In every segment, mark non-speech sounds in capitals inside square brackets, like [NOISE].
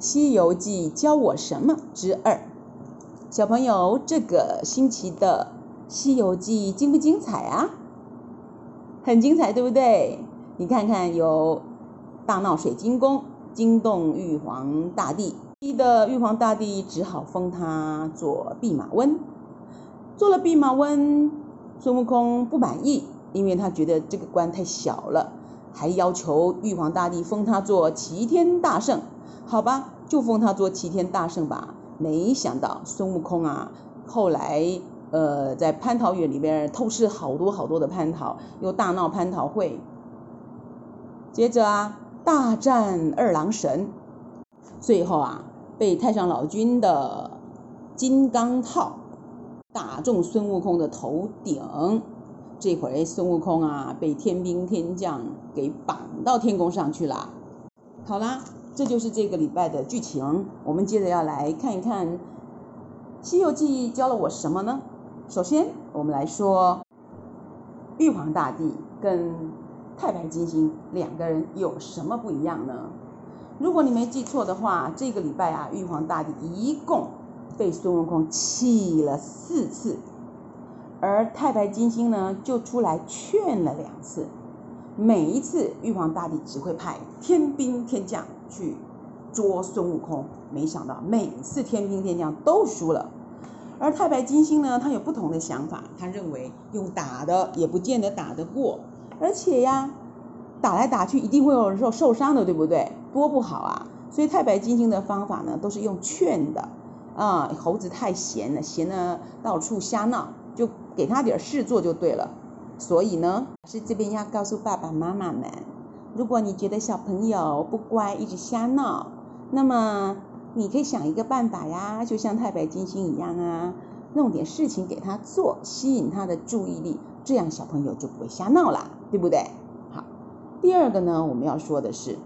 《西遊記》教我什麼之二，小朋友，這個星期的《西遊記》精不精彩啊？很精彩，對不對？你看看有大鬧水晶宮，驚動玉皇大帝，逼得玉皇大帝只好封他做弼馬溫。做了弼馬溫，孫悟空不滿意，因為他覺得這個官太小了，還要求玉皇大帝封他做齊天大聖。好吧，就封他做齊天大聖吧。沒想到孫悟空啊，後來呃在蟠桃園裡邊偷吃好多好多的蟠桃，又大鬧蟠桃會，接着啊大戰二郎神，最後啊被太上老君的金剛套打中孫悟空的頭頂，這回孫悟空啊被天兵天將給綁到天宮上去了。好啦。這就是這個禮拜的劇情。我們接着要來看一看《西遊記》教了我什麼呢？首先，我們來說玉皇大帝跟太白金星兩個人有什麼不一樣呢？如果你沒記錯的話，這個禮拜啊，玉皇大帝一共被孫悟空氣了四次，而太白金星呢就出來勸了兩次。每一次玉皇大帝只會派天兵天將。去捉孫悟空，沒想到每次天兵天將都輸了，而太白金星呢，他有不同的想法，他認為用打的也不見得打得過，而且呀，打來打去一定會有人受受傷的，對不對？多不好啊！所以太白金星的方法呢，都是用勸的啊、嗯，猴子太閒了，閒的到處瞎鬧，就給他點事做就對了。所以呢，是這邊要告訴爸爸媽媽們。如果你覺得小朋友不乖，一直瞎鬧，那麼你可以想一個辦法呀，就像太白金星一樣啊，弄點事情給他做，吸引他的注意力，這樣小朋友就不會瞎鬧了，對不對？好，第二個呢，我們要說的是，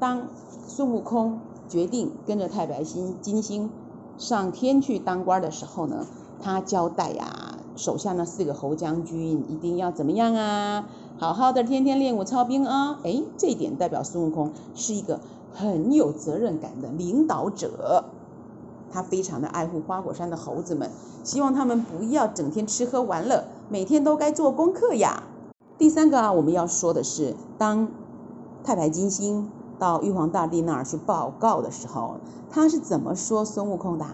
當孫悟空決定跟着太白金星上天去當官的時候呢，他交代呀、啊，手下那四個猴將軍一定要怎麼樣啊？好好的，天天練武操兵啊、哦！哎，這一點代表孫悟空是一個很有責任感的領導者，他非常的愛護花果山的猴子們，希望他們不要整天吃喝玩樂，每天都該做功課呀。第三個啊，我們要說的是，當太白金星到玉皇大帝那兒去報告的時候，他是怎麼說孫悟空的？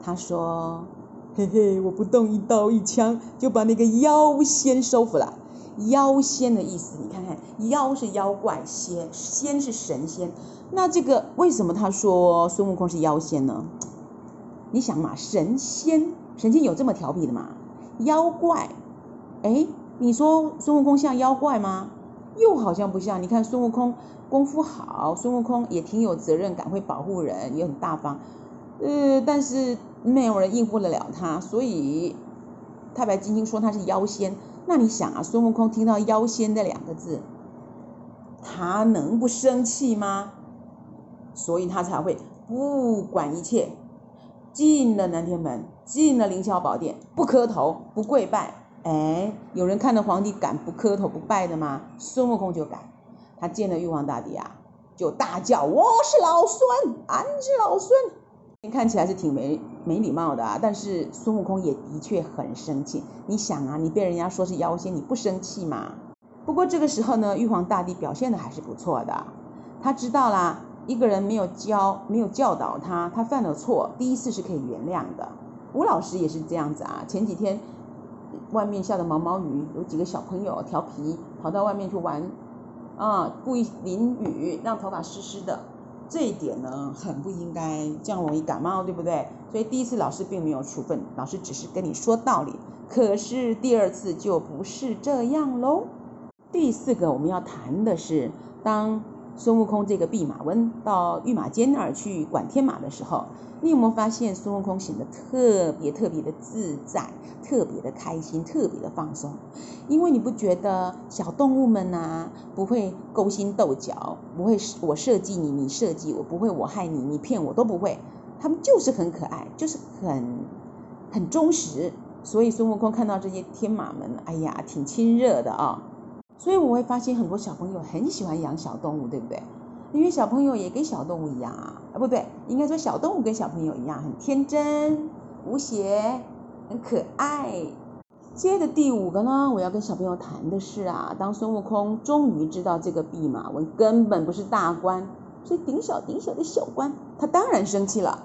他說：“嘿嘿，我不動一刀一槍，就把那個妖仙收服了。”妖仙的意思，你看看，妖是妖怪，仙仙是神仙。那這個為什麼他說孫悟空是妖仙呢？你想嘛，神仙神仙有這麼調皮的嘛？妖怪，哎，你說孫悟空像妖怪嗎？又好像不像。你看孫悟空功夫好，孫悟空也挺有責任感，敢會保護人，也很大方。呃，但是沒有人應付得了他，所以太白金星說他是妖仙。那你想啊，孫悟空聽到“妖仙”這兩個字，他能不生氣嗎？所以他才會不管一切，進了南天門，進了凌霄寶殿，不磕頭，不跪拜。哎，有人看到皇帝敢不磕頭不拜的嗎？孫悟空就敢。他見了玉皇大帝啊，就大叫：“我是老孫，俺是老孫。”看起來是挺沒沒禮貌的啊，但是孫悟空也的確很生氣。你想啊，你被人家說是妖仙，你不生氣嗎？不過這個時候呢，玉皇大帝表現得還是不錯的。他知道啦，一個人沒有教沒有教導他，他犯了錯，第一次是可以原諒的。吳老師也是這樣子啊，前幾天外面下的毛毛雨，有幾個小朋友調皮跑到外面去玩，啊、嗯，故意淋雨，讓頭髮濕濕的。這一點呢，很不應該，這樣容易感冒，對不對？所以第一次老師並沒有處分，老師只是跟你說道理。可是第二次就不是這樣嘍。第四個我們要談的是當。孫悟空這個弼馬溫到御馬監那兒去管天馬的時候，你有沒有發現孫悟空顯得特別特別的自在，特別的開心，特別的放鬆？因為你不覺得小動物們吶，不會勾心鬥角，不會我設計你，你設計我，不會我害你，你騙我都不會，他們就是很可愛，就是很很忠實，所以孫悟空看到這些天馬們，哎呀，挺親熱的啊。所以我會發現很多小朋友很喜歡養小動物，對不對？因為小朋友也跟小動物一樣啊，不對，應該說小動物跟小朋友一樣，很天真、無邪、很可愛。接着第五個呢，我要跟小朋友談的是啊，當孫悟空終於知道這個弼馬溫根本不是大官，是頂小頂小的小官，他當然生氣了。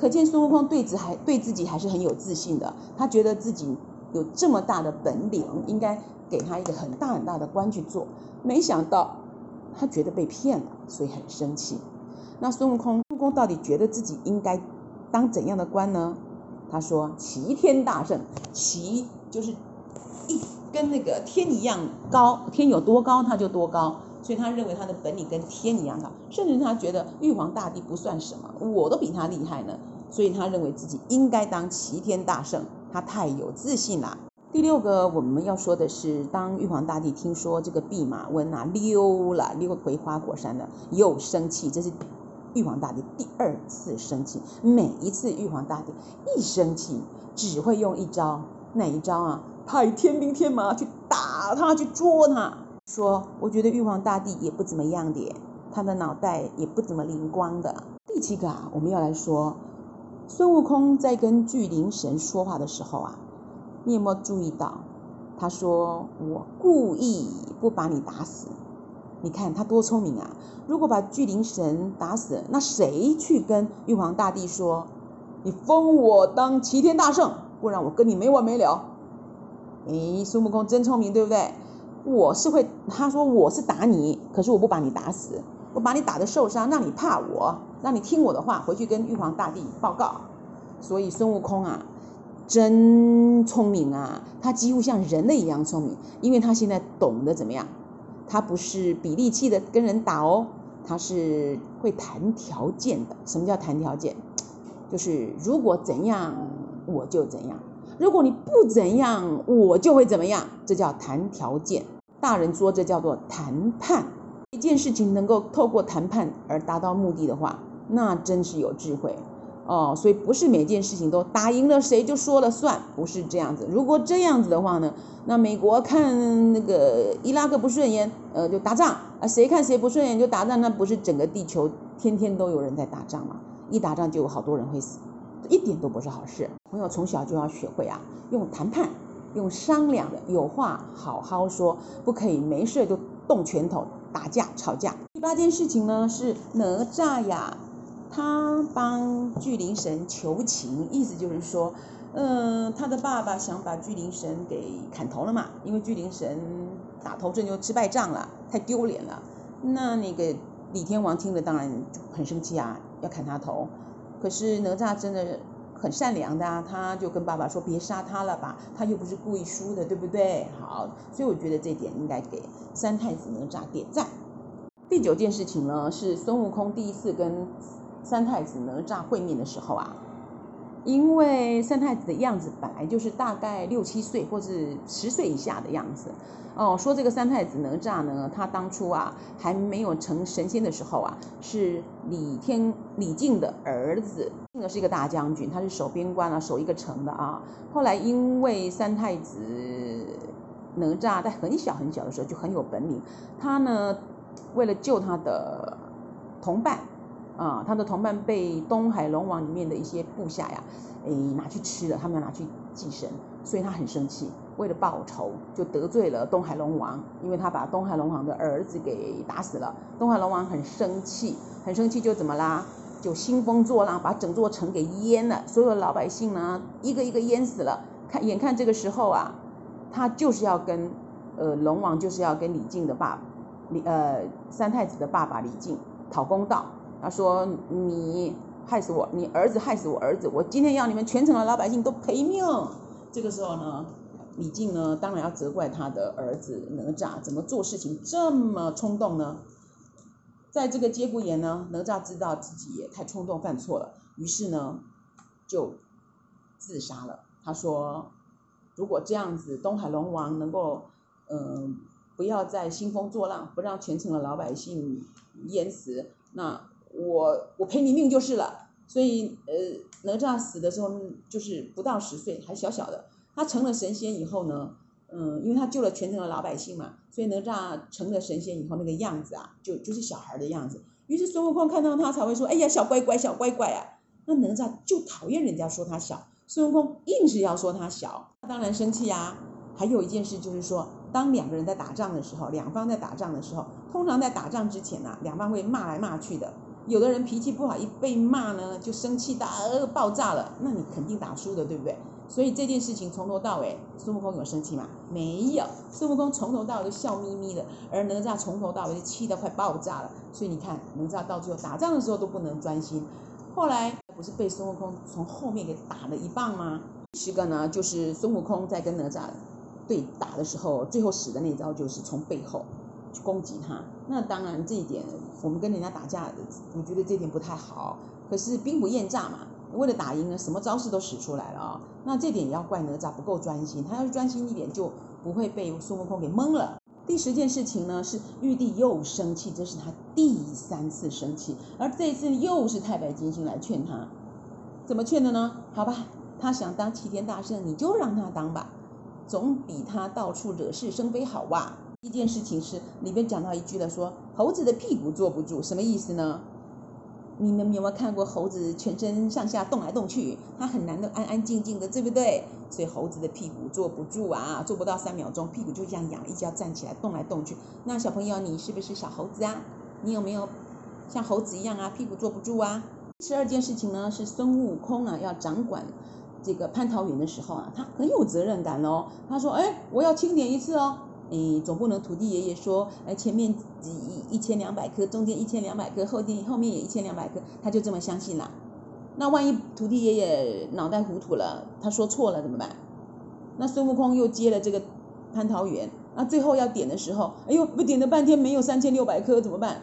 可見孫悟空對自還對自己還是很有自信的，他覺得自己有這麼大的本領，應該。給他一個很大很大的官去做，沒想到他覺得被騙了，所以很生氣。那孫悟空，孫悟空到底覺得自己應該當怎樣的官呢？他說：“齊天大聖，齊就是一跟那個天一樣高，天有多高他就多高，所以他認為他的本領跟天一樣高，甚至他覺得玉皇大帝不算什麼，我都比他厲害呢。所以他認為自己應該當齊天大聖，他太有自信了。”第六個我們要說的是，當玉皇大帝聽說這個弼馬溫啊溜了，溜回花果山了，又生氣。這是玉皇大帝第二次生氣。每一次玉皇大帝一生氣，只會用一招，哪一招啊？派天兵天馬去打他，去捉他。說，我覺得玉皇大帝也不怎麼樣的，他的腦袋也不怎麼靈光的。第七個啊，我們要來說孫悟空在跟巨靈神說話的時候啊。你有沒有注意到？他說我故意不把你打死，你看他多聰明啊！如果把巨靈神打死，那誰去跟玉皇大帝說？你封我當齊天大聖，不然我跟你沒完沒了。誒，孫悟空真聰明，對不對？我是會，他說我是打你，可是我不把你打死，我把你打得受傷，讓你怕我，讓你聽我的話回去跟玉皇大帝報告。所以孫悟空啊。真聰明啊！他幾乎像人類一樣聰明，因為他現在懂得怎麼樣。他不是比力氣的跟人打哦，他是會談條件的。什麼叫談條件？就是如果怎樣我就怎樣，如果你不怎樣我就會怎麼樣，這叫談條件。大人說這叫做談判。一件事情能夠透過談判而達到目的的話，那真是有智慧。哦，所以不是每件事情都打贏了誰就說了算，不是這樣子。如果這樣子的話呢，那美國看那個伊拉克不順眼，呃，就打仗啊，誰看誰不順眼就打仗，那不是整個地球天天都有人在打仗嗎？一打仗就有好多人會死，一點都不是好事。朋友從小就要學會啊，用談判、用商量的，有話好好說，不可以沒事就動拳頭、打架、吵架。第八件事情呢，是哪吒呀。他幫巨靈神求情，意思就是說，嗯、呃，他的爸爸想把巨靈神給砍頭了嘛，因為巨靈神打頭陣就吃敗仗了，太丟臉了。那那個李天王聽了當然很生氣啊，要砍他頭。可是哪吒真的很善良的啊，他就跟爸爸說別殺他了吧，他又不是故意輸的，對不對？好，所以我覺得這點應該給三太子哪吒點讚。第九件事情呢，是孫悟空第一次跟三太子哪吒會面的時候啊，因為三太子的樣子本來就是大概六七歲或是十歲以下的樣子。哦，說這個三太子哪吒呢，他當初啊還沒有成神仙的時候啊，是李天李靖的兒子，靖是一個大將軍，他是守邊關啊，守一個城的啊。後來因為三太子哪吒在很小很小的時候就很有本領，他呢為了救他的同伴。啊、哦，他的同伴被東海龍王裡面的一些部下呀，誒、哎、拿去吃了，他們要拿去祭神，所以他很生氣，為了報仇就得罪了東海龍王，因為他把東海龍王的兒子給打死了，東海龍王很生氣，很生氣就怎麼啦？就興風作浪，把整座城給淹了，所有的老百姓呢一個一個淹死了。看，眼看這個時候啊，他就是要跟呃龍王就是要跟李靖的爸，李呃三太子的爸爸李靖討公道。他說：“你害死我，你兒子害死我兒子，我今天要你們全城的老百姓都賠命。”這個時候呢，李靖呢，當然要責怪他的兒子哪吒，怎麼做事情這麼衝動呢？在這個節骨眼呢，哪吒知道自己也太衝動犯錯了，於是呢，就自殺了。他說：“如果這樣子，東海龍王能夠，嗯，不要再興風作浪，不讓全城的老百姓淹死，那……”我我賠你命就是了，所以呃，哪吒死的時候就是不到十歲，還小小的。他成了神仙以後呢，嗯，因為他救了全城的老百姓嘛，所以哪吒成了神仙以後那個樣子啊，就就是小孩的樣子。於是孫悟空看到他才會說，哎呀，小乖乖，小乖乖啊。那哪吒就討厭人家說他小，孫悟空硬是要說他小，他當然生氣呀。還有一件事就是說，當兩個人在打仗的時候，兩方在打仗的時候，通常在打仗之前呢，兩方會罵來罵去的。有的人脾氣不好，一被罵呢就生氣大、呃、爆炸了，那你肯定打輸了，對不對？所以這件事情從頭到尾，孫悟空有生氣嗎？沒有，孫悟空從頭到尾都笑眯眯的，而哪吒從頭到尾就氣得快爆炸了。所以你看，哪吒到最後打仗的時候都不能專心，後來不是被孫悟空從後面給打了一棒嗎？第一個呢，就是孫悟空在跟哪吒對打的時候，最後使的那招就是從背後去攻擊他，那當然這一點，我們跟人家打架，我覺得這一點不太好。可是兵不厭詐嘛，為了打贏呢，什麼招式都使出來了啊、喔。那這點也要怪哪吒不夠專心，他要是專心一點，就不會被孫悟空給蒙了。第十件事情呢，是玉帝又生氣，這是他第三次生氣，而這一次又是太白金星來勸他，怎麼勸的呢？好吧，他想當齊天大聖，你就讓他當吧，總比他到處惹是生非好哇。一件事情是裡邊講到一句了說，說猴子的屁股坐不住，什麼意思呢？你們有沒有看過猴子全身上下動來動去，它很難得安安靜靜的，對不對？所以猴子的屁股坐不住啊，坐不到三秒鐘，屁股就這樣癢，一腳站起來，動來動去。那小朋友，你是不是小猴子啊？你有沒有像猴子一樣啊，屁股坐不住啊？第十二件事情呢，是孫悟空啊，要掌管這個蟠桃園的時候啊，他很有責任感哦。他說，哎，我要清點一次哦。你總不能土地爺爺說，哎，前面一一千兩百顆，中間一千兩百顆，後邊後面也一千兩百顆，他就這麼相信了。那萬一土地爺爺腦袋糊塗了，他說錯了怎麼辦？那孫悟空又接了這個蟠桃園，那最後要點的時候，哎呦，我點了半天沒有三千六百顆怎麼辦？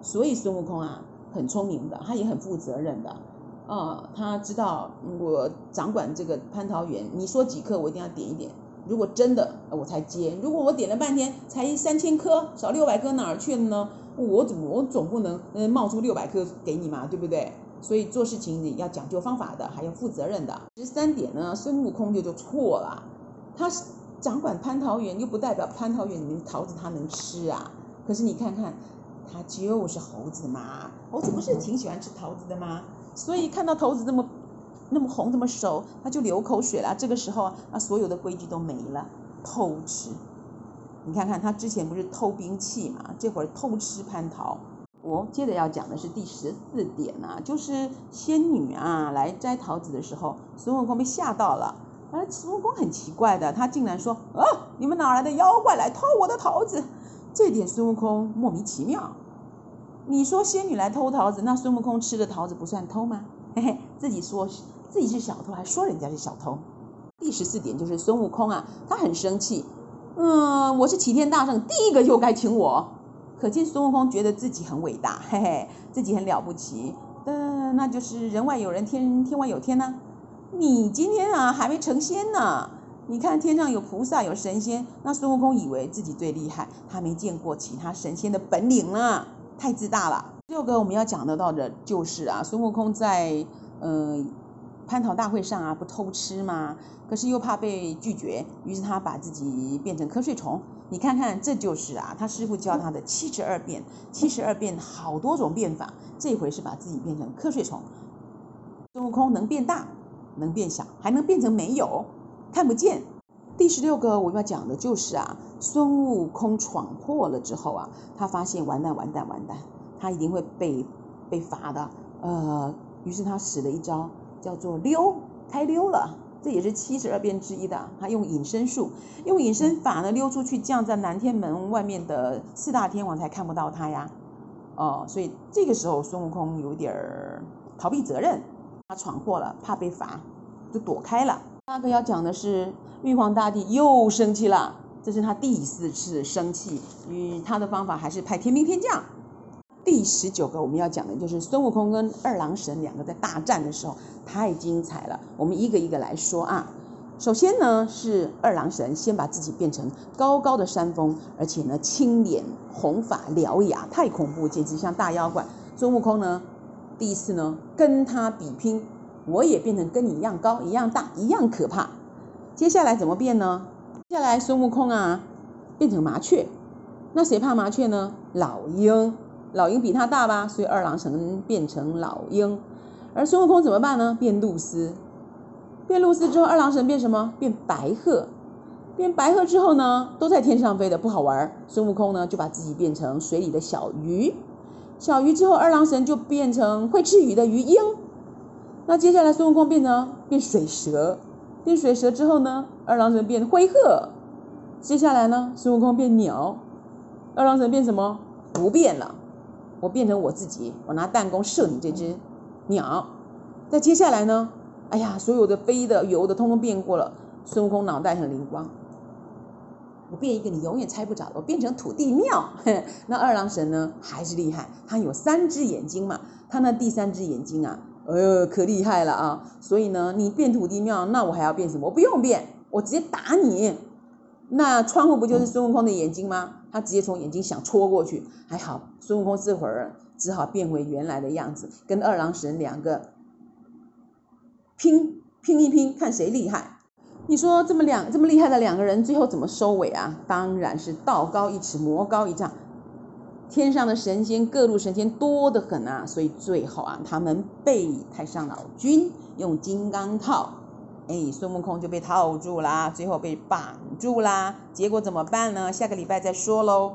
所以孫悟空啊，很聰明的，他也很負責任的啊、哦，他知道我掌管這個蟠桃園，你說幾顆我一定要點一點。如果真的，我才接。如果我點了半天，才三千顆，少六百顆哪兒去了呢？我怎麼我總不能嗯冒出六百顆給你嘛，對不對？所以做事情你要講究方法的，還要負責任的。十三點呢，孫悟空就就錯了，他是掌管蟠桃園，又不代表蟠桃園裡面桃子他能吃啊。可是你看看，他就是猴子嘛，猴子不是挺喜歡吃桃子的嗎？所以看到桃子這麼。那麼紅，那麼熟，他就流口水了。這個時候，啊，所有的規矩都沒了，偷吃。你看看他之前不是偷兵器嘛，這會兒偷吃蟠桃。我、哦、接着要講的是第十四點啊，就是仙女啊來摘桃子的時候，孫悟空被嚇到了。哎，孫悟空很奇怪的，他竟然說：“啊，你們哪來的妖怪來偷我的桃子？”這點孫悟空莫名其妙。你說仙女來偷桃子，那孫悟空吃的桃子不算偷嗎？嘿嘿，自己說。是。自己是小偷，還說人家是小偷。第十四點就是孫悟空啊，他很生氣，嗯，我是齊天大聖，第一個就該請我。可見孫悟空覺得自己很偉大，嘿嘿，自己很了不起。嗯，那就是人外有人，天天外有天呢、啊。你今天啊還沒成仙呢、啊，你看天上有菩薩有神仙，那孫悟空以為自己最厲害，他沒見過其他神仙的本領呢、啊，太自大了。六個我們要講得到的就是啊，孫悟空在嗯。呃蟠桃大會上啊，不偷吃嗎？可是又怕被拒絕，於是他把自己變成瞌睡蟲。你看看，這就是啊，他師父教他的七十二變，七十二變好多種變法，這回是把自己變成瞌睡蟲。孫悟空能變大，能變小，還能變成沒有，看不見。第十六個我要講的就是啊，孫悟空闖禍了之後啊，他發現完蛋完蛋完蛋，他一定會被被罰的，呃，於是他使了一招。叫做溜，開溜了，這也是七十二變之一的，他用隱身術，用隱身法呢溜出去，這樣在南天門外面的四大天王才看不到他呀！哦，所以這個時候孫悟空有點兒逃避責任，他闖禍了，怕被罰，就躲開了。那個要講的是，玉皇大帝又生氣了，這是他第四次生氣，與他的方法還是派天兵天將。第十九個我們要講的就是孫悟空跟二郎神兩個在大戰的時候太精彩了。我們一個一個來說啊。首先呢是二郎神先把自己變成高高的山峰，而且呢青臉紅髮獠牙，太恐怖，簡直像大妖怪。孫悟空呢第一次呢跟他比拼，我也變成跟你一樣高一樣大一樣可怕。接下來怎麼變呢？接下來孫悟空啊變成麻雀，那誰怕麻雀呢？老鷹。老鷹比他大吧，所以二郎神變成老鷹，而孫悟空怎麼辦呢？變鷺鷥，變鷺鷥之後，二郎神變什麼？變白鶴。變白鶴之後呢？都在天上飛的不好玩。孫悟空呢，就把自己變成水裡的小魚。小魚之後，二郎神就變成會吃魚的魚鷹。那接下來孫悟空變成變水蛇，變水蛇之後呢？二郎神變灰鶴。接下來呢？孫悟空變鳥，二郎神變什麼？不變了。我變成我自己，我拿彈弓射你這隻鳥。那接下來呢？哎呀，所有的飛的、游的，通通變過了。孫悟空腦袋很靈光，我變一個你永遠猜不着的。我變成土地廟， [LAUGHS] 那二郎神呢？還是厲害？他有三隻眼睛嘛？他那第三隻眼睛啊，哎呦，可厲害了啊！所以呢，你變土地廟，那我還要變什麼？我不用變，我直接打你。那窗戶不就是孫悟空的眼睛嗎？嗯他直接從眼睛想戳過去，還好孫悟空這會兒只好變回原來的樣子，跟二郎神兩個拼拼一拼，看誰厲害。你說這麼兩這麼厲害的兩個人，最後怎麼收尾啊？當然是道高一尺，魔高一丈。天上的神仙，各路神仙多得很啊，所以最後啊，他們被太上老君用金剛套，哎，孫悟空就被套住了，最後被棒。住啦！結果怎麼辦呢？下個禮拜再說嘍。